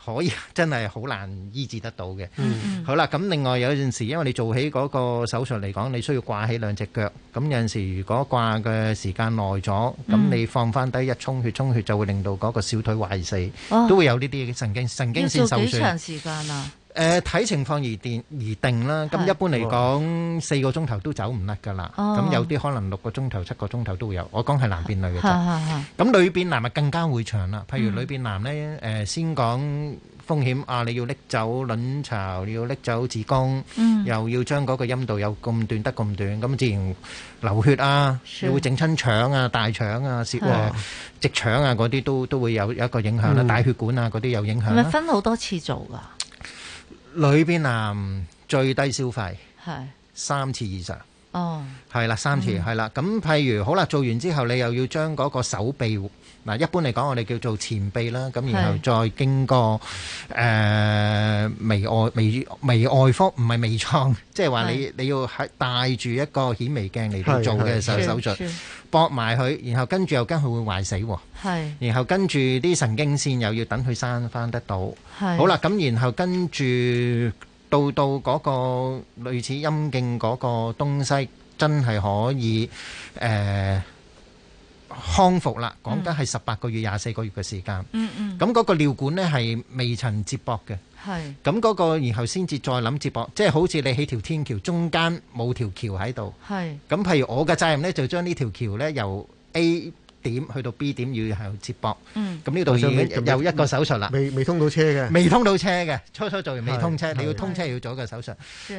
可以真係好難醫治得到嘅。Mm hmm. 好啦，咁另外有陣時，因為你做起嗰個手術嚟講，你需要掛起兩隻腳。咁有陣時，如果掛嘅時間耐咗，咁、mm hmm. 你放翻低，一充血，充血就會令到嗰個小腿壞死，oh, 都會有呢啲嘅神經神經線受損。幾長時間啊？誒睇、呃、情況而定而定啦，咁一般嚟講四個鐘頭都走唔甩噶啦，咁、哦、有啲可能六個鐘頭、七個鐘頭都會有。我講係男變女嘅啫，咁女變男咪更加會長啦。譬如女變男呢、嗯呃，先講風險啊，你要拎走卵巢，你要拎走子宮，嗯、又要將嗰個陰道有咁短得咁短，咁自然流血啊，會整親腸啊、大腸啊、舌是、呃、直腸啊嗰啲都都會有一個影響啦。嗯、大血管啊嗰啲有影響、啊。係咪分好多次做㗎？裏邊啊，最低消費係的三次以上，哦，係啦，三次係啦，咁、嗯、譬如好啦，做完之後你又要將嗰個手臂。嗱，一般嚟講，我哋叫做前臂啦，咁然後再經過誒微外微微外科，唔係微創，即係話你你要係戴住一個顯微鏡嚟到做嘅手手術，搏埋佢，然後跟住又跟佢會壞死，係，然後跟住啲神經線又要等佢生翻得到，係，好啦，咁然後跟住到到嗰個類似陰莖嗰個東西，真係可以誒。康復啦，講緊係十八個月，嗯，廿四個月嘅時間。嗯嗯，咁嗰個尿管呢係未曾接駁嘅。係，咁嗰個然後先至再諗接駁，即係好似你起條天橋中間冇條橋喺度。係，咁譬如我嘅責任呢，就將呢條橋呢由 A。點去到 B 點要後接駁，咁呢度要又一個手術啦。未未通到車嘅，未通到車嘅，初初做完未通車，你要通車要做個手術。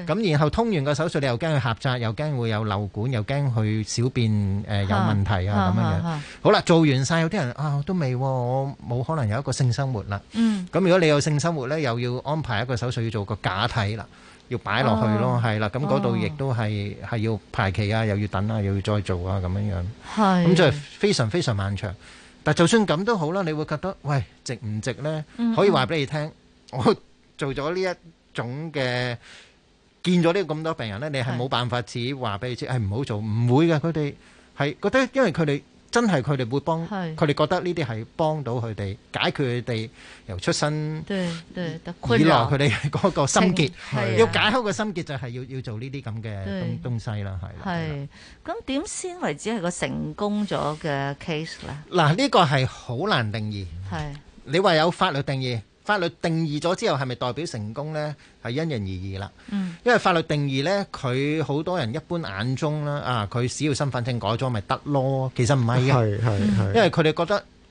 咁然後通完個手術，你又驚佢狹窄，又驚會有漏管，又驚佢小便誒有問題啊咁樣樣。好啦，做完晒有啲人啊都未，我冇可能有一個性生活啦。咁如果你有性生活咧，又要安排一個手術要做個假體啦。要擺落去咯，係啦，咁嗰度亦都係係要排期啊，又要等啊，又要再做啊，咁樣樣，係，咁就係非常非常漫長。但係就算咁都好啦，你會覺得喂，值唔值呢？可以話俾你聽，我做咗呢一種嘅見咗呢咁多病人呢，你係冇辦法只話俾你知係唔好做，唔會嘅。佢哋係覺得因為佢哋。真係佢哋會幫，佢哋覺得呢啲係幫到佢哋解決佢哋由出生以來佢哋嗰個心結，要解開個心結就係要要做呢啲咁嘅東東西啦，係啦。係，咁點先為止係個成功咗嘅 case 咧？嗱，呢個係好難定義。係，你話有法律定義。法律定義咗之後，係咪代表成功呢？係因人而異啦。嗯，因為法律定義呢，佢好多人一般眼中啦，啊，佢只要身份證改咗咪得咯。其實唔係啊，嗯，因為佢哋覺得。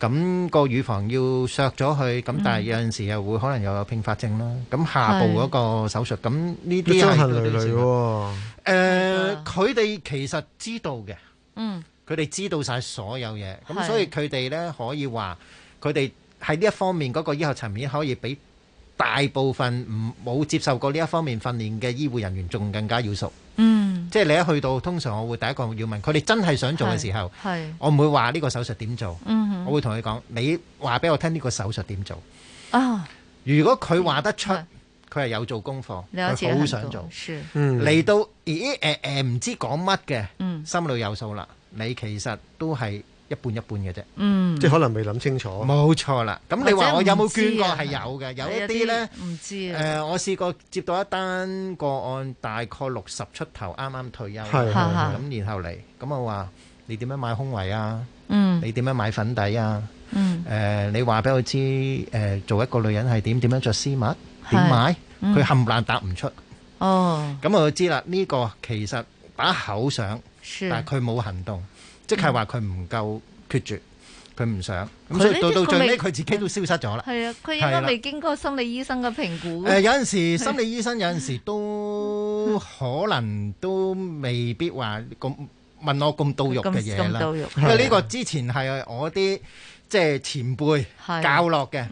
咁個乳房要削咗佢，咁但係有陣時又會、嗯、可能又有併發症啦。咁下部嗰個手術，咁呢啲係女女喎。誒，佢哋其實知道嘅，嗯，佢哋知道晒所有嘢，咁是所以佢哋咧可以話，佢哋喺呢一方面嗰個醫學層面可以比大部分唔冇接受過呢一方面訓練嘅醫護人員仲更加要熟。嗯，即係你一去到，通常我會第一個要問，佢哋真係想做嘅時候，我唔會話呢個手術點做，我會同佢講，你話俾我聽呢個手術點做啊？如果佢話得出，佢係有做功課，你好想做，嚟到咦誒誒，唔知講乜嘅，心裏有數啦，你其實都係。一半一半嘅啫，嗯，即係可能未諗清楚，冇錯啦。咁你話我有冇捐過係有嘅，有一啲咧，唔知誒，我試過接到一單個案，大概六十出頭，啱啱退休，係係係，咁然後嚟，咁我話你點樣買胸圍啊？嗯，你點樣買粉底啊？嗯，誒，你話俾我知，誒，做一個女人係點？點樣着絲襪？點買？佢冚唪唥答唔出。哦，咁我就知啦。呢個其實把口上，但係佢冇行動。即係話佢唔夠決絕，佢唔想咁，呢所以到佢呢到最尾，佢未自己都消失咗啦。係啊，佢應該未經過心理醫生嘅評估。誒、啊啊、有陣時心理醫生有陣時都 可能都未必話咁問我咁到肉嘅嘢啦。咁到肉，因為呢個之前係我啲即係前輩、啊、教落嘅，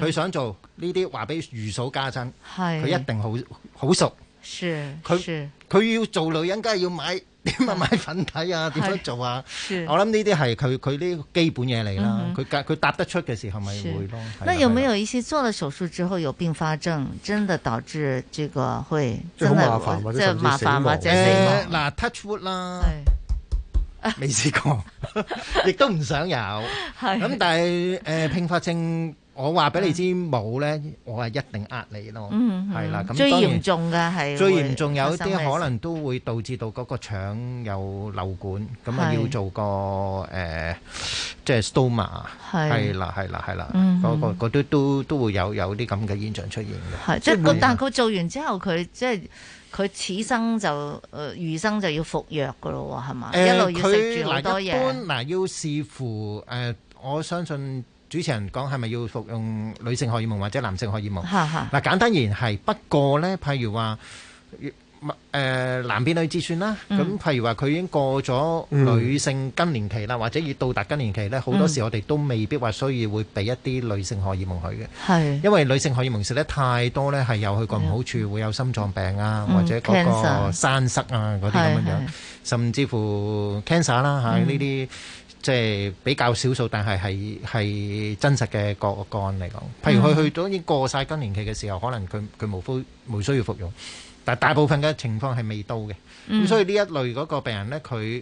佢想做呢啲話俾如嫂家親，佢、啊、一定好好熟。佢佢、啊、要做女人，梗係要買。點樣買粉底啊？點樣做啊？我諗呢啲係佢佢呢個基本嘢嚟啦。佢佢答得出嘅時候咪會咯。那有冇有些做咗手術之後有併發症，真的導致這個會，真的，真麻煩嘛？誒，嗱，touch wood 啦，未試過，亦都唔想有。咁但係誒併發症。我話俾你知冇咧，我係一定呃你咯，係、嗯、啦。咁最嚴重嘅係最嚴重，有啲可能都會導致到嗰個腸有漏管，咁啊是要做個誒、呃，即係 stoma，係是啦，係啦，係啦，嗰、嗯哼那個啲、那個、都都會有有啲咁嘅現象出現嘅。係即係、啊、但係佢做完之後，佢即係佢此生就誒、呃、餘生就要服藥噶咯，係嘛？一路、呃、要食住好多嘢。嗱、呃，一般要視乎誒、呃，我相信。主持人講，係咪要服用女性荷爾蒙或者男性荷爾蒙？嗱，簡單而言係，不過咧，譬如話誒男變女之算啦。咁譬如話佢已經過咗女性更年期啦，或者已到達更年期咧，好多時我哋都未必話需要會俾一啲女性荷爾蒙佢嘅。係因為女性荷爾蒙食得太多咧，係有佢個唔好處，會有心臟病啊，或者嗰個栓塞啊嗰啲咁樣樣，甚至乎 cancer 啦嚇呢啲。即係比較少數，但係係係真實嘅個個案嚟講，譬如佢去到已經過曬更年期嘅時候，可能佢佢無需無需要服用。但係大部分嘅情況係未到嘅，咁所以呢一類嗰個病人咧，佢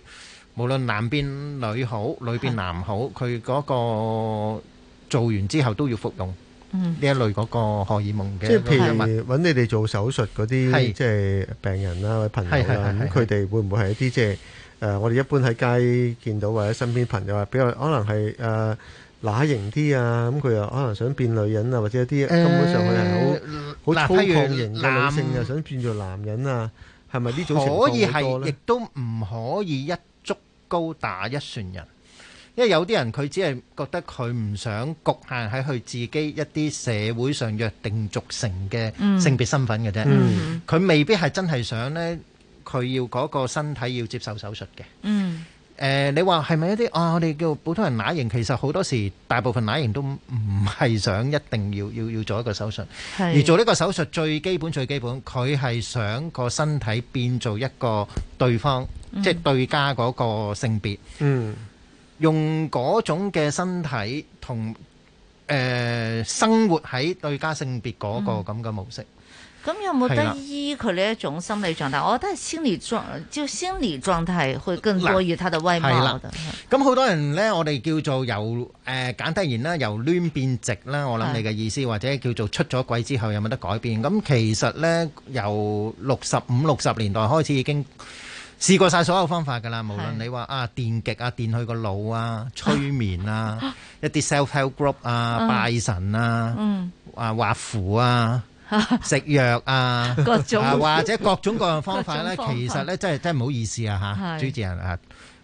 無論男變女好，女變男好，佢嗰個做完之後都要服用呢一類嗰個荷爾蒙嘅。即係譬如揾你哋做手術嗰啲，即係病人啦、或者朋友啦，咁佢哋會唔會係一啲即係？誒、呃，我哋一般喺街見到或者身邊朋友啊，比較可能係誒乸型啲啊，咁佢又可能想變女人啊，或者一啲根本上佢人好好粗壯型嘅男性又想變做男人啊，係咪呢種情況好多？呃、可以係，亦都唔可以一竹篙打一船人，因為有啲人佢只係覺得佢唔想局限喺佢自己一啲社會上約定俗成嘅性別身份嘅啫，佢未必係真係想呢。佢要嗰個身體要接受手術嘅，嗯，誒，你話係咪一啲啊？我哋叫普通人乸型，其實好多時大部分乸型都唔係想一定要要要做一個手術，而做呢個手術最基本最基本，佢係想個身體變做一個對方，即係對家嗰個性別，嗯，用嗰種嘅身體同誒生活喺對家性別嗰個咁嘅模式。咁有冇得醫佢呢一種心理狀態？的我覺得係心理狀，就心理狀態會更多於他的外貌。咁好多人呢，我哋叫做由誒、呃、簡單言啦，由攣變直啦。我諗你嘅意思，的或者叫做出咗軌之後有冇得改變？咁其實呢，由六十五六十年代開始已經試過晒所有方法噶啦。無論你話的啊、電極啊、電去個腦啊、催眠啊、一啲 self help group 啊、嗯、拜神啊、嗯、啊畫符啊。食藥啊，各種或者各種各樣方法呢，其實呢真係真係唔好意思啊吓，主持人啊，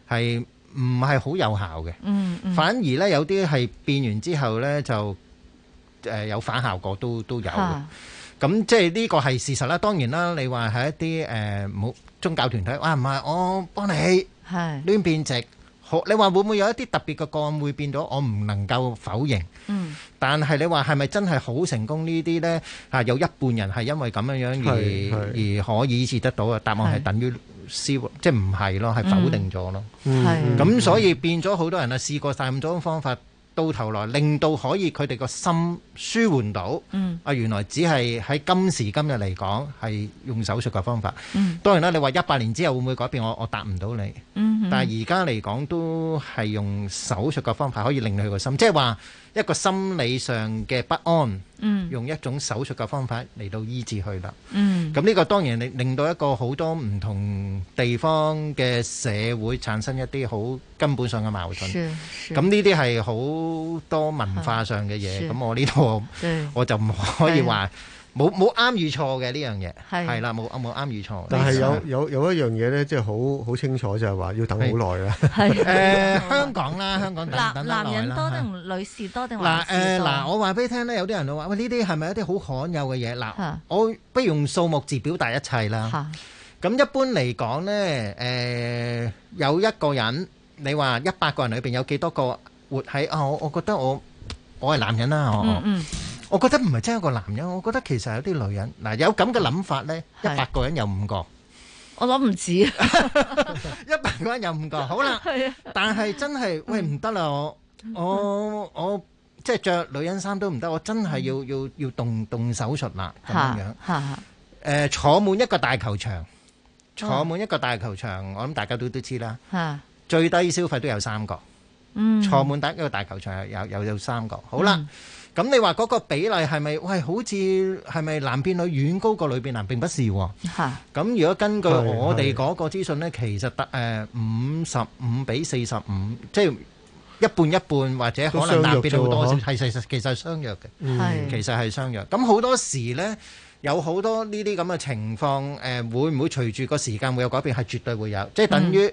係唔係好有效嘅？嗯嗯，反而呢有啲係變完之後呢就誒有反效果都都有，咁即係呢個係事實啦。當然啦，你話係一啲誒冇宗教團體，哇唔係我幫你係亂變直。好你話會唔會有一啲特別嘅個案會變咗？我唔能夠否認。嗯，但係你話係咪真係好成功呢啲呢？嚇、啊，有一半人係因為咁樣樣而是是而可以治得到嘅答案係等於消，是即係唔係咯？係否定咗咯。係咁，所以變咗好多人啊試過曬咁多種方法。到頭來令到可以佢哋個心舒緩到，啊、嗯，原來只係喺今時今日嚟講係用手術嘅方法。嗯、當然啦，你話一百年之後會唔會改變我，我我答唔到你。嗯、哼但係而家嚟講都係用手術嘅方法可以令佢個心，即係話。一個心理上嘅不安，嗯、用一種手術嘅方法嚟到醫治佢啦。嗯、咁呢個當然令令到一個好多唔同地方嘅社會產生一啲好根本上嘅矛盾。咁呢啲係好多文化上嘅嘢，咁我呢度對我就唔可以話。冇冇啱與錯嘅呢樣嘢，係啦冇冇啱與錯。但係有是的有有，有一樣嘢咧，即係好好清楚就係話要等好耐啦。係誒的、 呃、香港啦，香港等等男人多定女士多定話？嗱誒嗱，我話俾你聽咧，有啲人會話喂，呢啲係咪一啲好罕有嘅嘢？嗱，是的 我不如用數目字表達一切啦。咁是的 一般嚟講咧，誒、呃、有一個人，你話一百個人裏邊有幾多個活喺啊？我我覺得我我係男人啦，我。嗯嗯我覺得唔係真係一個男人，我覺得其實有啲女人嗱有咁嘅諗法呢，一百個人有五個，我諗唔止，一百個人有五個。好啦，但係真係喂唔得啦！我我我即係著女人衫都唔得，我真係要要要動動手術啦咁樣樣。嚇嚇誒，坐滿一個大球場，坐滿一個大球場，我諗大家都都知啦。嚇，最低消費都有三個，嗯，坐滿得一個大球場又又有三個。好啦。咁你話嗰個比例係咪？喂，好似係咪男變女遠高過女變男？並不是喎。係。咁如果根據我哋嗰個資訊呢，其實得誒五十五比四十五，即係一半一半，或者可能男變女好多，係事實，其實係相約嘅。係。其實係相約。咁好多時呢，有好多呢啲咁嘅情況，誒會唔會隨住個時間會有改變？係絕對會有，即係等於。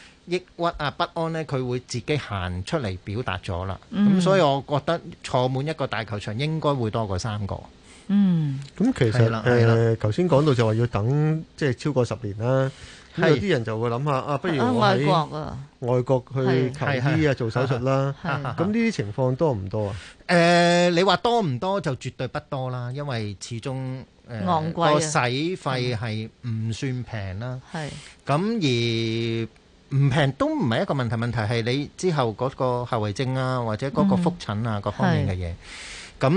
抑鬱啊不安呢，佢會自己行出嚟表達咗啦。咁所以我覺得坐滿一個大球場應該會多過三個。嗯，咁其實誒，頭先講到就話要等即係超過十年啦。有啲人就會諗下啊，不如喺外國啊，外國去求醫啊做手術啦。咁呢啲情況多唔多啊？誒，你話多唔多就絕對不多啦，因為始終誒個洗費係唔算平啦。係咁而。唔平都唔係一個問題，問題係你之後嗰個後遺症啊，或者嗰個覆診啊，各方面嘅嘢。咁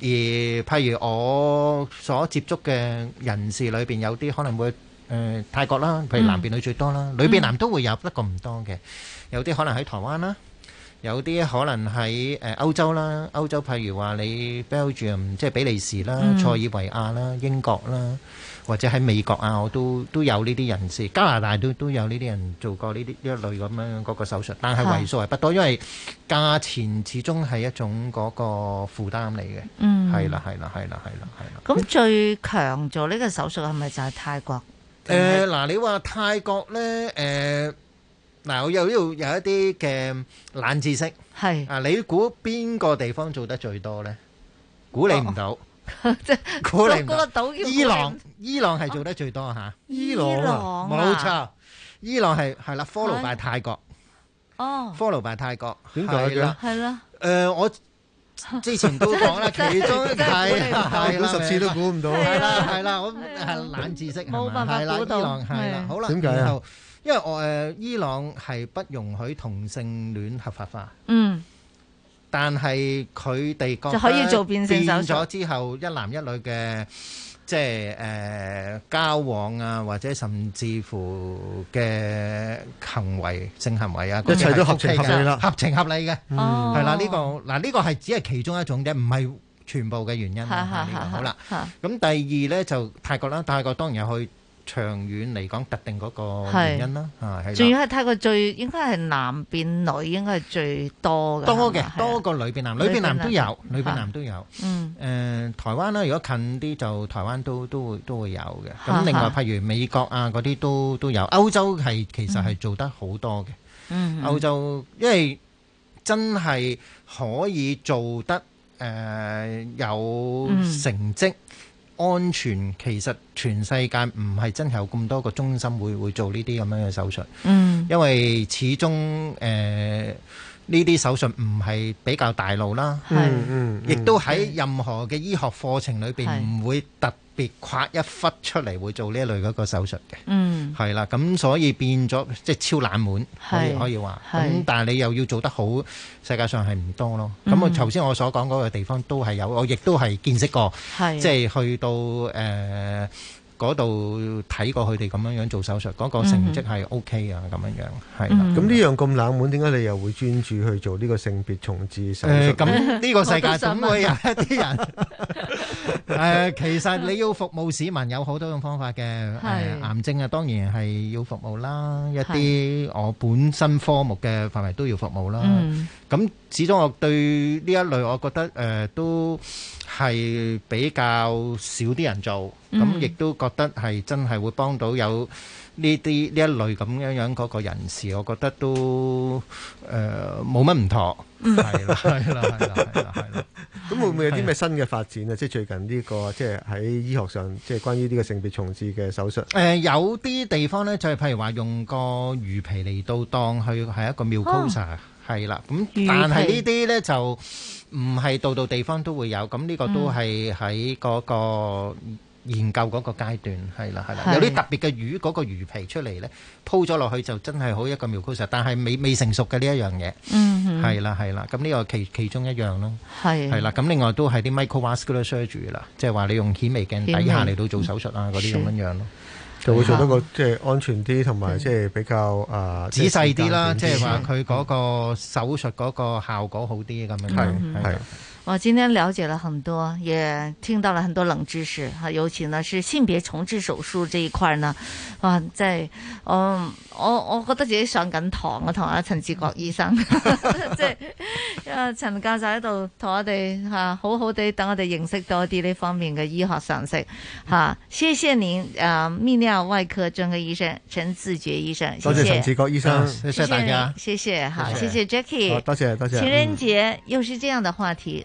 而譬如我所接觸嘅人士裏邊，有啲可能會誒泰國啦，譬如男變女最多啦，女變男都會有，不過唔多嘅。有啲可能喺台灣啦，有啲可能喺誒歐洲啦，歐洲譬如話你 Belgium 即係比利時啦、塞爾維亞啦、英國啦。或者喺美國啊，我都都有呢啲人士，加拿大都都有呢啲人做過呢啲一類咁樣嗰個手術，但係為數係不多，因為價錢始終係一種嗰個負擔嚟嘅。嗯，係啦，係啦，係啦，係啦，係啦。咁最強做呢個手術係咪就係泰國？誒嗱、呃呃，你話泰國咧？誒、呃、嗱、呃，我又要有一啲嘅冷知識。係啊的，你估邊個地方做得最多咧？估你唔到。哦即係嗰個島，伊朗，伊朗係做得最多嚇，伊朗冇錯，伊朗係係啦，follow by 泰國，哦，follow by 泰國，點解嘅？係啦，誒，我之前都講啦，其中係係啦，十次都估唔到，係啦，係啦，我係冷知識，冇辦法估到，係啦，伊朗係啦，好啦，然後因為我誒，伊朗係不容許同性戀合法化，嗯。但係佢哋可覺得變咗之後，一男一女嘅即係誒、呃、交往啊，或者甚至乎嘅行為性行為啊，一切都合情合理啦，合情合理嘅，係、嗯嗯、啦，呢、呢個嗱呢、呢個係只係其中一種啫，唔係全部嘅原因、啊的這個、好啦，咁的第二咧就泰國啦，泰國當然有去。長遠嚟講，特定嗰個原因啦，係是。仲、啊、要係泰國最應該係男變女，應該係最多嘅。多嘅的嗎多過女變男，女變男都有，女變男都有。嗯。誒、呃，台灣啦，如果近啲就台灣都都會都會有嘅。咁、啊、另外，譬如美國啊嗰啲都都有，歐洲係其實係做得好多嘅。嗯哼。歐洲因為真係可以做得誒、呃、有成績。嗯。安全其實全世界唔係真係有咁多個中心會會做呢啲咁樣嘅手術，嗯，因為始終誒呢啲手術唔係比較大路啦，亦係都喺任何嘅醫學課程裏邊唔會突。別誇一忽出嚟會做呢一類嗰個手術嘅，係啦、嗯，咁所以變咗即係超冷門，是可以可以話。咁是但係你又要做得好，世界上係唔多咯。咁、嗯、我頭先我所講嗰個地方都係有，我亦都係見識過，是即係去到誒。呃嗰度睇過佢哋咁樣樣做手術，嗰個成績係 OK 啊，咁樣樣係啦。咁呢樣咁冷門，點解你又會專注去做呢個性別重置手術？誒，咁呢個世界總會有一啲人誒，其實你要服務市民有好多種方法嘅。係癌症啊，當然係要服務啦。一啲我本身科目嘅範圍都要服務啦。咁始終我對呢一類，我覺得誒都，係比較少啲人做，咁亦都覺得係真係會幫到有呢啲呢一類咁樣樣嗰個人士，我覺得都誒冇乜唔妥。係啦， 係啦，係啦，係啦，係啦。咁會唔會有啲咩新嘅發展啊？即係最近呢個即係喺醫學上，即係關於呢個性別重置嘅手術。誒，有啲地方咧，就係譬如話用個魚皮嚟到當去係一個尿溝嘅，哦。係啦，咁但係呢啲咧就唔係度度地方都會有，咁呢個都係喺嗰個研究嗰個階段，係啦，係啦，嗯、有啲特別嘅魚嗰、嗰個魚皮出嚟咧鋪，咗落去就真係好一個苗僕實，但係未未成熟嘅呢一樣嘢，係啦，係啦，咁呢個其其中一樣咯，係啦的，咁另外都係啲 microvascular surgery 啦，即係話你用顯微鏡底下嚟到做手術啊嗰啲咁樣樣咯。就會做得個即係安全啲，同埋即係比較啊、呃、仔細啲啦，即係話佢嗰個手術嗰個效果好啲咁、嗯、樣。我今天了解了很多，也聽到了很多冷知識哈。尤其呢是性別重置手術這一塊呢，啊，在嗯，我我覺得自己上緊堂啊，同阿陳自覺醫生，即係 啊，陳教授喺度同我哋吓好好地等我哋認識多啲呢方面嘅醫學常識哈。謝謝您，啊泌尿外科專科醫生陳自覺醫生，多謝陳自覺醫生，謝謝大家，謝謝，好、啊，謝謝，謝謝 Jackie，多謝，多謝，情人節又是這樣的話題。